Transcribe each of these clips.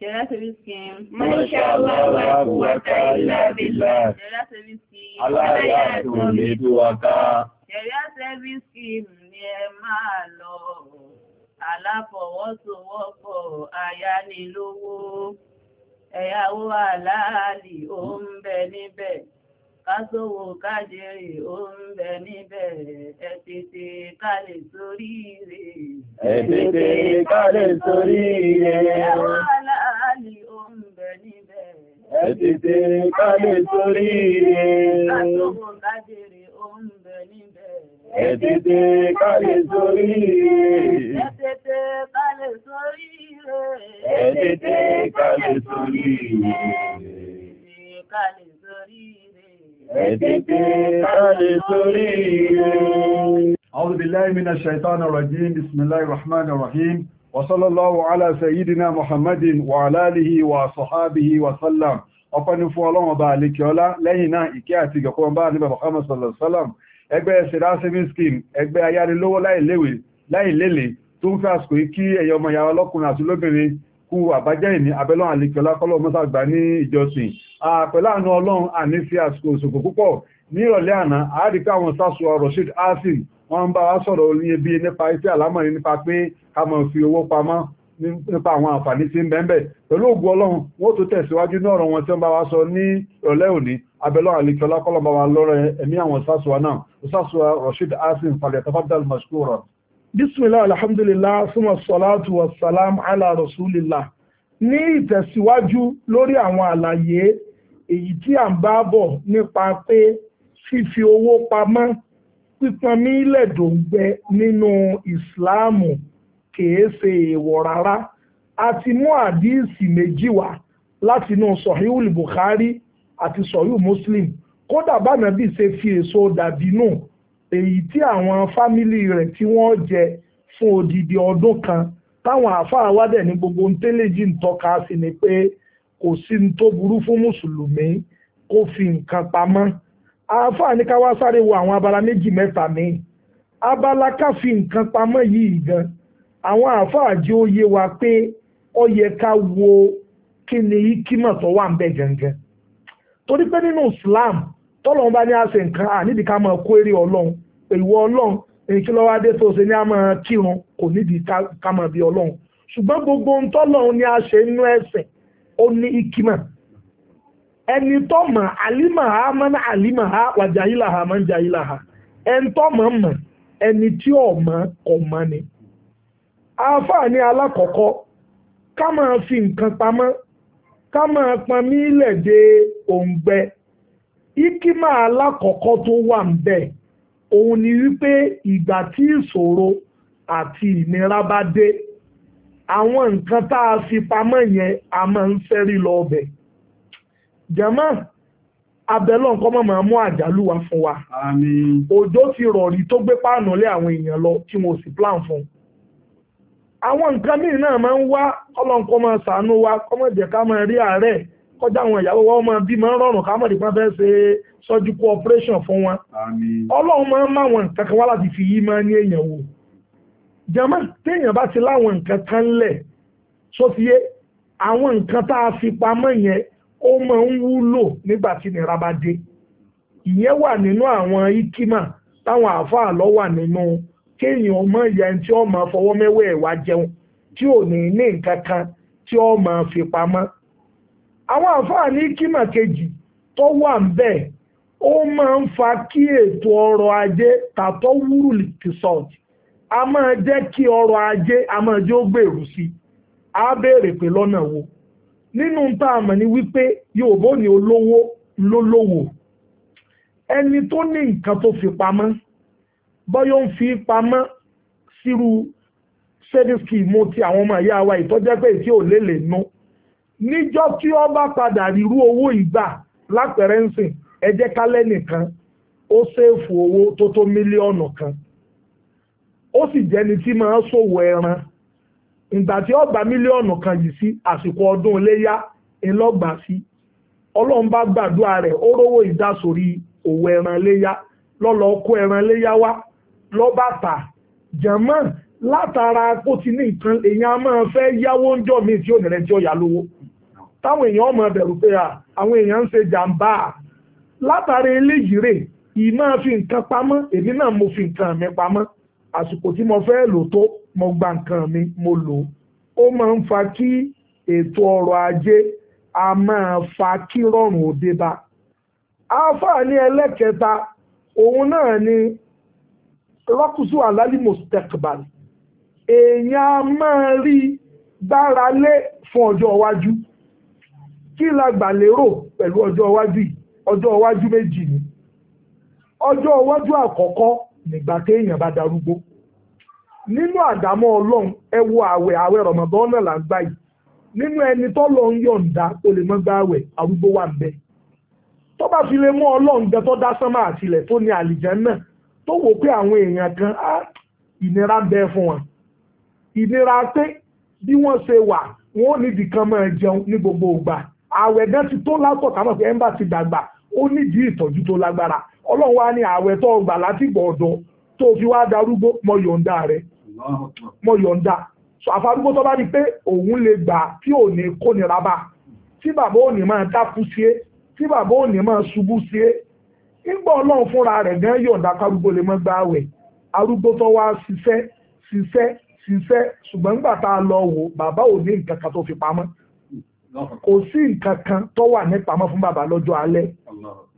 Share riskin. Masha Allah wa quwwata illa billah. Share riskin. Aláya ni ẹ máa lọ. Aláfọwọ́sowọ́pọ̀ ayánilówó. Ẹ̀yàwó aláàlì ó ń bẹ níbẹ̀. Kásòwò kájèrè ó ń bẹ níbẹ̀. Ẹ kálẹ̀ sórí rẹ̀. Ẹ kálẹ̀ sórí rẹ̀ ẹ tètè ká lè torí rẹ̀. Àtọ́wò bá jèrè ó ń bẹ níbẹ̀. Ẹ tètè ká lè torí rẹ̀. Ẹ tètè ká lè torí rẹ̀. Ẹ tètè ká lè torí rẹ̀. Ẹ tètè lè torí rẹ̀. أعوذ بالله من الشيطان الرجيم بسم الله الرحمن الرحيم وصلى الله على سيدنا محمد وعلى آله وصحابه وسلم ọpẹ́ ní fún ọlọ́run ọba àlékiọlá lẹ́yìn náà ìkẹ́ àti ìgẹ̀kọ́ ọba ní bàbá Muhammad sallallahu alaihi wasallam ẹgbẹ́ ṣẹ̀dá savings scheme ẹgbẹ́ ayánilówó láìlélè tó ń fẹ́ àsìkò kí ẹ̀yọ ọmọ ìyá ọlọ́kùnrin àti lóbìnrin kú àbájẹ́ ìní abẹ́lọ́run àlékiọlá kọ́lọ́ mọ́sàgbà ní ìjọsìn pẹ̀lú àánú ọlọ́run àní fi àsìkò òṣòkò púpọ̀ ní ìrọ̀lẹ́ àná àádìíká àwọn sásùwà Rashid asim wọ́n ń bá wa sọ̀rọ̀ oníyebí nípa iṣẹ́ àlámọ̀rí nípa pé ká mọ̀ fi owó pamọ́ nípa àwọn àǹfààní tí ń bẹ́ẹ̀ pẹ̀lú ògùn ọlọ́run wọ́n tó tẹ̀síwájú ní ọ̀rọ̀ wọn tí wọ́n bá wa sọ ní ìrọ̀lẹ́ òní abẹ́lọ́ àlekọ́lá kọ́lọ́mọ wa lọ́rọ̀ ẹ̀mí àwọn sásùwà náà sásùwà Rashid asim falẹ̀ tafaddal mashkura. bisimilahi alhamdulilah suma salatu wa salam ala rasulillah ní ìtẹ̀síwájú lórí àwọn àlàyé èyí tí à ń bá bọ̀ nípa pé fífi owó pamọ́ pípọn mí lẹ̀dọ̀gbẹ nínú ìsìláàmù kìí ṣe èèwọ̀ rárá a ti mú àdíìsì méjì wá láti inú sọ̀híùl Bukhari àti sọ̀híùl Muslim kódà bánàbí ṣe fi èso dàbí nù èyí tí àwọn fámìlì rẹ̀ tí wọ́n jẹ fún odidi ọdún kan táwọn àáfàá wádẹ̀ ní gbogbo ntẹ́lẹ́jì ń tọ́ka sí ni pé kò sí ní tó burú fún mùsùlùmí kó fi nǹkan pamọ́ àáfàá ní ká wá sáré wo àwọn abala méjì mẹ́ta míì abala ká fi nǹkan pamọ́ yìí gan àwọn àáfàá jẹ́ ó yé wa pé ó yẹ ká wo kí ni ikímọ̀ tó wà ń bẹ gangan torí pé nínú Islam tọ́lọ́run bá ní àṣẹ nǹkan à nídìí ká máa kó eré ọlọ́run ìwọ ọlọ́run èyí kí lọ́wọ́ adé tó ṣe ní a máa kírun kò nídìí ká máa bí ọlọ́run ṣùgbọ́n gbogbo ohun tọ́lọ́run ní àṣẹ inú ẹ̀sìn ó ní ikímọ̀ ẹni tó mọ̀ alimaha man alimaha wàjáyìláha man jáyìláha ẹni tó mọ̀ mọ̀ ẹni tí ò mọ̀ kò mọ̀ ni. àfààní alákọ̀ọ́kọ́ ká máa fi nǹkan pamọ́ ká máa pọn mí lẹ̀ de òǹgbẹ ikima alákọ̀ọ́kọ́ tó wà ń bẹ̀ òun ni wípé ìgbà tí ìṣòro àti ìnira bá dé àwọn nǹkan tá a fi pamọ́ yẹn a máa ń fẹ́rí lọ ọbẹ̀ jama abẹ́lọ́ nǹkan mọ̀ máa mú àjálù wá fún wa òjò ti rọ̀rí tó gbé páànù lé àwọn èèyàn lọ tí mo ò sì plan fún un àwọn nǹkan míì náà máa ń wá ọlọ́nkọ́ máa sàánú wa kọ́mọ̀ jẹ́ ká máa rí ààrẹ kọjá àwọn ìyàwó wa máa bí máa ń rọrùn ká mọ̀ nípa fẹ́ ṣe surgical operation fún wa. ọlọ́run máa ń má àwọn nǹkan kan wá láti fi yí máa ní èèyàn wò jama téèyàn bá ti láwọn nǹkan kan lẹ̀ sófiyé àwọn nǹkan tá a fi pamọ́ yẹn ó máa ń wúlò nígbà tí nira bá dé ìyẹn wà nínú àwọn ikima táwọn àfáà lọ wà nínú kéèyàn ọmọ ìyá tí ó máa fọwọ́ mẹ́wẹ̀ẹ́ jẹun tí ò ní ní nǹkan kan tí ó máa fi pamọ́ àwọn àfáà ní ikima kejì tó wà ń ó máa ń fa ajé tàtọ́ wúrù a máa jẹ́ kí ọrọ̀ ajé a máa a pé lọ́nà nínú tá a mọ̀ ní wípé Yorùbá ní olówó lólówó ẹni tó ní nǹkan tó fi pamọ́ bọ́yọ̀ ń fi pamọ́ sírú sẹ́díṣkì mo ti àwọn ọmọ ìyá wa ìtọ́jẹ́ pé tí ò lélè nu níjọ́ tí ó bá padà rírú owó ìgbà lápẹ̀rẹ́ ń sìn ẹ kálẹ̀ nìkan ó ṣèèfù owó tó tó mílíọ̀nù kan ó sì jẹ́ni tí máa ń ṣòwò ẹran ìgbà tí ọgbà mílíọ̀nù kan yìí sí àsìkò ọdún iléyá ńlọgbà sí ọlọ́run bá gbàdúrà rẹ̀ ó rówó ìdásórí òwò ẹran iléyá lọ́lọ́ kó ẹran iléyá wá lọ́ba tà jẹ̀mọ́ látara kó ti ní nǹkan èèyàn a máa fẹ́ yáwó ń jọ míì tí ò nìrẹ́ tí ó yá lówó táwọn èèyàn ọmọ bẹ̀rù pé àwọn èèyàn ń ṣe jàǹbá látara eléyìí rè ì máa fi nǹkan pamọ́ èmi náà mo fi nǹkan mi pamọ́ àsìkò tí mo fẹ́ lò tó mo gba nǹkan mi mo lò ó máa ń fa kí ètò ọrọ̀ ajé a máa fa kí rọrùn òde bá àǹfààní ẹlẹ́kẹta òun náà ni rọ́kùsù alálìmọ̀sítẹ́kbal èèyàn a máa rí gbára lé fún ọjọ́ iwájú kí la gbà lérò pẹ̀lú ọjọ́ iwájú yìí ọjọ́ iwájú méjì ni ọjọ́ iwájú àkọ́kọ́ nígbà téèyàn bá darúgbó nínú àdámọ́ ọlọ́run ẹ wo àwẹ̀ àwẹ̀ rọ̀mọ̀dán náà là ń gbà yìí nínú ẹni tó lọ ń yọ̀ǹda o lè mọ́ gba àwẹ̀ arúgbó wà ń bẹ tó bá fi lè mú ọlọ́run gan tó dá sánmà àtìlẹ̀ tó ní àlìjàn náà tó wò pé àwọn èèyàn kan á ìnira ń bẹ fún wọn ìnira pé bí wọ́n ṣe wà wọn ò nídìí kan máa jẹun ní gbogbo ìgbà àwẹ̀ gan ti tó látọ̀ kámọ̀ pé ẹ̀ńbà ti dàgbà ó nídìí ìtọ́jú tó lágbára ọlọ́run wá ní àwẹ̀ tó gbà látìgbà ọ̀dọ́ tó fi wá darúgbó mọ yọ̀ǹda rẹ̀ mo yọ̀ǹda so àfarúgbó tó bá di pé òun lè gbà tí ò ní kó nira bá tí bàbá ò ní máa dákú sí é e, tí bàbá ò ní máa ṣubú sí é e, nígbà ọlọ́run fúnra rẹ̀ gan yọ̀ǹda kárúgbó lè mọ́ gbà àwẹ̀ arúgbó tó wá ṣiṣẹ́ ṣiṣẹ́ ṣiṣẹ́ ṣùgbọ́n nígbà tá a lọ wò bàbá ò ní nǹkan kan tó fi pamọ́ kò sí nǹkan kan tó wà ní pamọ́ fún bàbá lọ́jọ́ alẹ́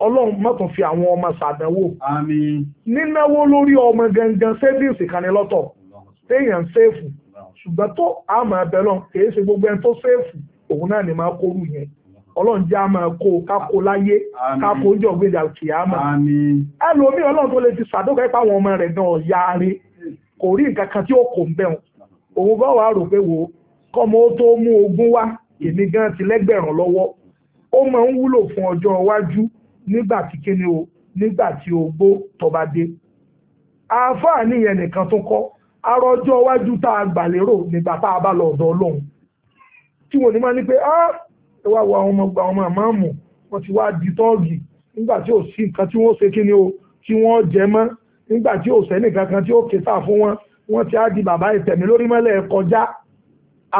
ọlọ́run má fi àwọn ọmọ ṣàdánwò nínáwó lórí ọmọ gangan savings kan téèyàn séèfù ṣùgbọ́n tó a máa bẹ̀ lọ kìí ṣe gbogbo ẹni tó séèfù òun náà ni máa kóru yẹn ọlọ́run jẹ́ a máa kó kákó láyé kákó oúnjẹ ògbéjà kì á mọ̀ ẹlòmíì ọlọ́run tó lè ti ṣàdókà ipa àwọn ọmọ rẹ̀ gan ọ̀ya rẹ kò rí nǹkan kan tí ó kò ń bẹ̀ wọn òun bá wàá rò pé wò ó kọ́mọ ó tó mú ogún wá èmi gan ti lẹ́gbẹ̀rún lọ́wọ́ ó máa ń wúlò fún ọjọ́ iwájú nígbà tí kíni o nígbà tí ogbó tọba dé àáfàá nìyẹn nìkan tó kọ́ arọjọ́ iwájú tá a gbà lérò nígbà tá a bá lọ ọ̀dọ̀ ọlọ́run tí wọ́n ní máa ní pé ah ẹ wá wo àwọn ọmọ gba ọmọ àmàmù wọ́n ti wá di tọ́ọ̀gì nígbà tí ò sí nǹkan tí wọ́n ṣe kí ni o tí wọ́n jẹ mọ́ nígbà tí ò sẹ́nìkan kan tí ó ké sá fún wọn wọ́n ti á di bàbá ìtẹ̀mí lórí mọ́lẹ̀ kọjá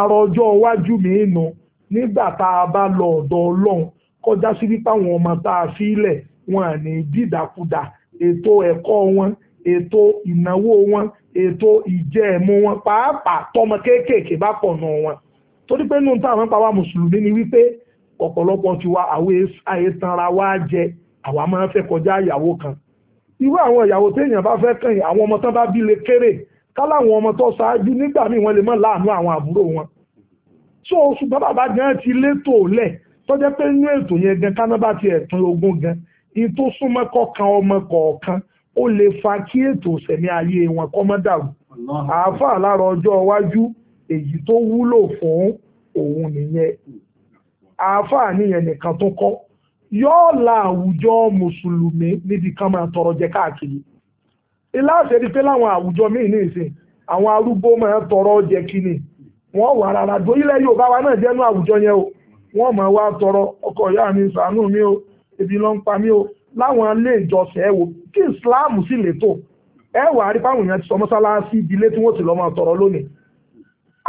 arọjọ́ iwájú mi nù nígbà tá a bá lọ ọ̀dọ̀ ọlọ́run kọjá sí wípé àwọn ọmọ tá a fi lẹ̀ wọn à ní dídàkudà ètò ẹ̀kọ́ wọn ètò ìnáwó wọn ètò ìjẹ ẹ̀mú wọn pàápàá tọmọ kéékèèké bá pọ̀ nù wọn torí pé nínú táwọn pa wá mùsùlùmí ni wípé ọ̀pọ̀lọpọ̀ ti wa àwọn àìsanra wa jẹ àwa máa ń fẹ́ kọjá ìyàwó kan irú àwọn ìyàwó téèyàn bá fẹ́ kàn yín àwọn ọmọ tán bá bí kéré káláwọn ọmọ tó ṣáájú nígbà míì wọn lè mọ láàánú àwọn àbúrò wọn so ṣùgbọ́n bàbá gan ti létò lẹ̀ tó jẹ́ pé inú ètò yẹn gan káná bá ti ẹ̀tún ogún gan in tó súnmọ́ kọ̀ọ̀kan ọmọ ó lè fa kí ètò ìsẹ̀mí ayé wọn kọ́mọ́dàrú àáfàá lára ọjọ́ iwájú èyí tó wúlò fún òun nìyẹn àáfàá nìyẹn nìkan tó kọ́ yóò la àwùjọ mùsùlùmí níbi kan máa tọrọ jẹ káàkiri ilá àṣẹrí pé láwọn àwùjọ míì ní ìsìn àwọn arúgbó máa tọrọ jẹ kíni wọn wà rárá do ilẹ̀ Yorùbá wa náà jẹ́nu àwùjọ yẹn o wọn máa wá tọrọ ọkọ ìyá mi ṣàánú mi o ebi ló ń pa mí o láwọn ilé ìjọsìn ẹ wò kí Islam sì lè tò ẹ wà á rí fáwọn èèyàn ti sọ mọ́sálásí ìdílé tí wọ́n ti lọ́ máa tọrọ lónìí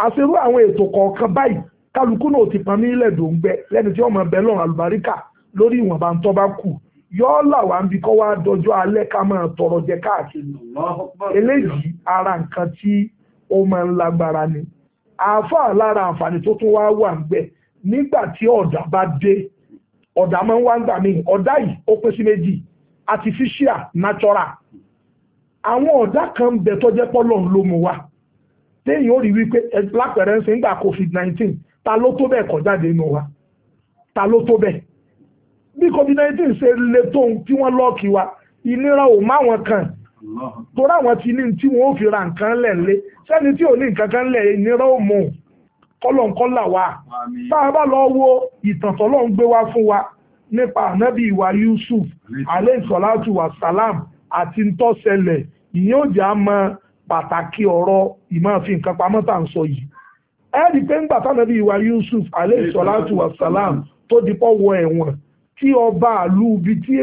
àṣírú àwọn ètò kọ̀ọ̀kan báyìí kálukú náà ti pamí ilẹ̀ dòńgbẹ lẹ́ni tí ọmọ ẹbẹ̀ lọ́rùn àlùbáríkà lórí ìwọ̀nba ń tọ́ba kù yọ́ là wá ń bi kọ́ wá dọjọ́ alẹ́ ká máa tọrọ jẹ káàkiri eléyìí ni àáfàá lára àǹfààní ọ̀dà máa ń wá ń gbà mí ọ̀dà yìí ó pín sí méjì artificial natural àwọn ọ̀dà kan ń bẹ tó jẹ́ pọ́lọ́n ló mu wá téèyàn ó rí wípé lápẹ̀rẹ̀ ń sin gba covid-19 ta ló tó bẹ́ẹ̀ kó jáde inú wa ta ló tó bẹ́ẹ̀ bí covid-19 ṣe le tóun tí wọ́n lọ́ọ̀kì wa ìnira ò máwọn kan torí àwọn ti ní tí wọ́n ó fi ra nǹkan lẹ̀ lé sẹ́ni tí ò ní nǹkan kan lẹ̀ ìnira ò mọ̀ ọ́n kọ́lọ̀ kọ́là wa tá a bá lọ wo ìtàn tọ́lọ́ ń gbé wá fún wa nípa ànábì ìwà Yusuf alayhi wa salam àti ntọ́sẹlẹ̀ ìyẹn ò jẹ́ àmọ́ pàtàkì ọ̀rọ̀ ìmáàfin nǹkan pamọ́ tá à ń sọ yìí ẹ rí i pé ńgbà tánàbí ìwà Yusuf alayhi wa salam tó di pọ́ wọ ẹ̀wọ̀n tí ọba àlú ibi tí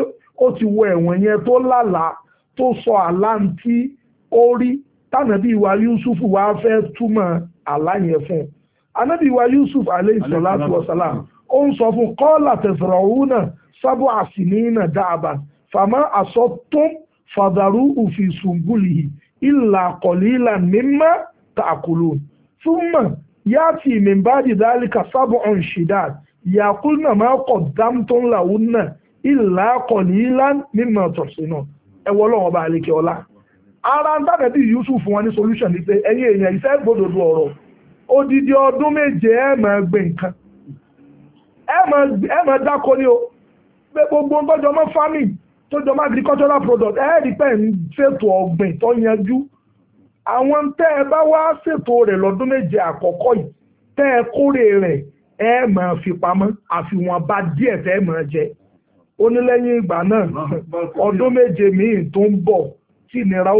ó ti wọ ẹ̀wọ̀n yẹn tó lálàá tó sọ àlá tí ó rí tánàbí ìwà Yusuf wá fẹ́ túmọ̀ àlá yẹn fún un anábì wa yusuf aleyhi salatu wasalam ó ń sọ fún kọ́ọ̀lá tẹ̀sọ̀rọ̀húnà sábọ̀ àsìnínà dáàbà fàmà àsọtún fàdàrú òfin sùnbùlì ìlà kọ̀lílà mímá tààkùlù túmọ̀ yá ti ìmìnbáàdì dálíkà sábọ̀ ọ̀nṣìdá yàkúnà máa kọ̀ dámtún làwúnà ìlà kọ̀lílà mímá tọ̀sínà ẹ̀wọ́ lọ́wọ́ bá àlekè ọlá ara ń dábẹ́ bí yusuf wọn ní solution ní pé ẹ̀yin èèyàn ìfẹ́ gbódòdó ọ̀rọ̀ odidi ọdún méje ẹ máa gbìn nǹkan ẹ dáko ní o gbogbo tọ́jọ́ mọ́ farming tọ́jọ́ mọ́ agricultural product ẹ̀ẹ́dì pẹ̀ ń ṣètò ọ̀gbìn tó yanjú àwọn tẹ́ ẹ bá wá ṣètò rẹ̀ lọ́dún méje àkọ́kọ́ yìí tẹ́ ẹ kórè rẹ̀ ẹ máa fi pamọ́ àfihàn bá díẹ̀ tẹ́ ẹ máa jẹ ó ìgbà náà ọdún méje míì tó ń bọ̀ tí ìnira ó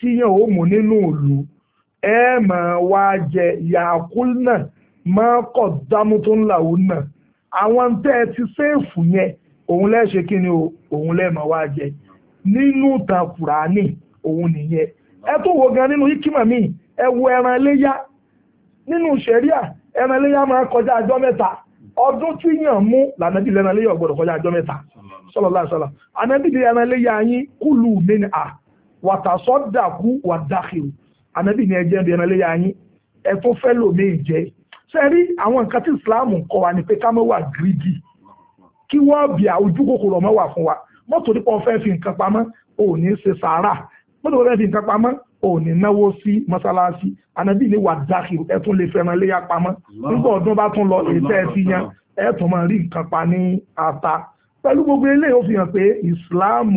tíyàn ó mú nínú ìlú ẹ máa wá jẹ yàkúl náà máa kọ̀ dámútún làwọn náà àwọn tẹ́ ẹ ti séèfù yẹn òun lẹ́ kí ni o òun lẹ́ máa wá jẹ nínú ìtàn kùránì òun nìyẹn ẹ tó wo gan nínú ikima mi ẹ wo ẹran iléyá nínú sẹ̀ríà ẹran iléyá máa kọjá ọjọ́ mẹ́ta ọdún tí yàn mú lànàbí lẹ́ran iléyá ọ̀gbọ́dọ̀ kọjá ọjọ́ mẹ́ta sọlọ́lá sọlọ́ ànàbí lẹ́ran iléyá yín kúlù mí ni à wàtàsọ́dàkú wàdàkìrù ànábì ní ẹjẹ́ ẹbí ẹran léyà yín ẹ tó fẹ́ lòmíì jẹ ṣe àwọn nǹkan tí Islam ń wa ni pé ká má wà gírígì kí wọ́n bí ojú kòkòrò má wà fún wa mọ́tò nípa ọ̀fẹ́ fi nǹkan pamọ́ ò ní ṣe sàárà mọ́tò ọ̀fẹ́ fi nǹkan pamọ́ ò ní náwó sí mọ́sálásí ànábì ní wà dákìrù ẹ tún lè fẹ́ràn léyà pamọ́ nígbà ọdún bá tún lọ èyí tẹ́ ẹ fi yan ẹ máa rí nǹkan pa ní ata pẹ̀lú gbogbo eléyìí ó fi hàn pé Islam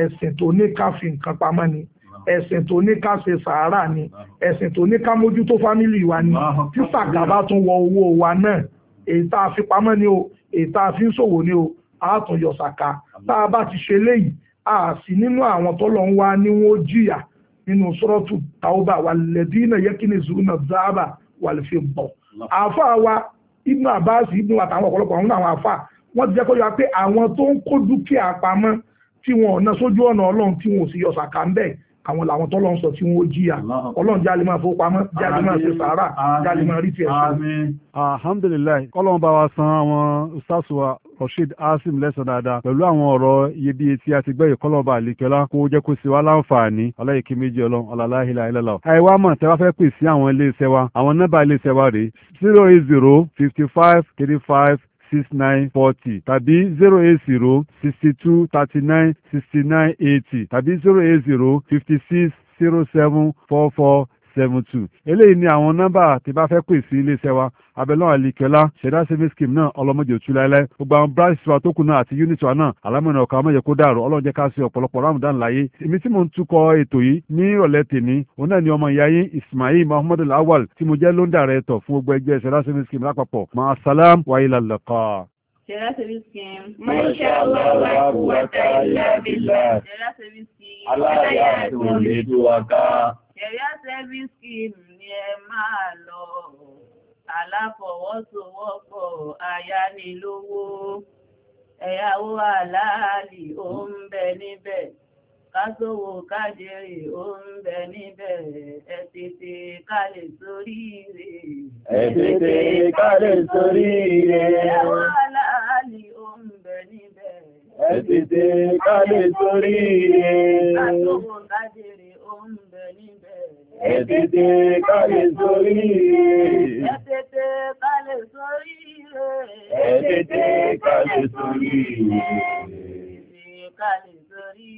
ẹ̀sìn tó ní ká fi nǹkan pamọ́ ni ẹ̀sìn tó ní ká ṣe sàárà ni ẹ̀sìn tó ní ká mójútó fámìlì wa ni tí sàgàbá tún wọ owó wa náà èyí tá a fi pamọ́ ni o èyí tá a fi ń ṣòwò ni o a tún yọ sàkà tá a bá ti ṣe léyìí a sì nínú àwọn tọ́lọ̀ ń wá ní wọ́n jìyà nínú sọ́rọ́tù tàwọ́bà wà lẹ́dínà yẹ́kínì zùúnà záàbà wà lè fi bọ̀ àáfàá wa ibnu abbas ibnu àtàwọn ọ̀pọ̀lọpọ̀ àwọn àwọn àáfàá wọ́n ti jẹ́ kó yọ pé àwọn tó ń kó dúkìá pamọ́ tí wọn ò ná sójú ọ̀nà ọlọ́run tí wọn ò sì yọ sàkà ń bẹ́ẹ̀ àwọn làwọn tó lọ́n sọ tí wọ́n jìyà ọlọ́run jáde máa fowó pamọ́ jáde máa ṣe sàárà jáde máa rí tiẹ̀ ṣe. alhamdulilayi kọ́lọ́n bá wa san àwọn sásùwà rasheed asim lẹ́sàn dáadáa pẹ̀lú àwọn ọ̀rọ̀ iyebíye tí a ti gbẹ́yìí kọ́lọ́n bá àlekẹ́lá kó jẹ́ kó ṣe wá láǹfààní ọláyèké méjì ọlọ́run ọ̀làláhìlà ìlàlá. àìwá mọ̀ tẹ́ fẹ́ pè sí àwọn iléeṣẹ́ wa àwọn nọ́mbà zero zero fifty five thirty five six nine forty tàbí zero eight zero sixty two thirty nine sixty nine eighty tàbí zero eight zero fifty six zero seven four four seven two eléyìí ni àwọn nọ́mbà tí bá fẹ́ pè sí iléeṣẹ́ wa abẹ́lọ́wọ̀n àlìkẹ́lá ṣẹ̀dá savings scheme náà ọlọ́mọdé òtún láéláé gbogbo àwọn branches wa tó kù náà àti unit wa náà alámọ̀nà ọ̀kan ọmọ yẹ kó dàrú ọlọ́run jẹ́ ká ṣe ọ̀pọ̀lọpọ̀ ramadan láyé èmi tí mo ń tukọ̀ ètò yìí ní ìrọ̀lẹ́ tèmi òun náà ni ọmọ ìyá yín ismail muhammadu lawal tí mo jẹ́ lóńdà rẹ̀ tọ̀ ma salam wa ilà lẹ́kọ̀ọ́. Jẹ́rá wá ká yẹ̀yà service scheme ni ẹ máa lọ aláfọwọ́sowọ́pọ̀ ayánilówó ẹ̀yàwó aláàlì ó ń bẹ níbẹ̀ kásòwò kájèrè ó ń bẹ níbẹ̀ ẹ tètè ká lè sórí rè. ẹ tètè ká lè sórí rè. ẹ̀yàwó aláàlì ó ń bẹ níbẹ̀. ẹ tètè ká sórí rè. kásòwò kájèrè. Ẹ tètè ká lè sórí rẹ̀. Ẹ tètè ká sórí rẹ̀. Ẹ sórí rẹ̀. Ẹ sórí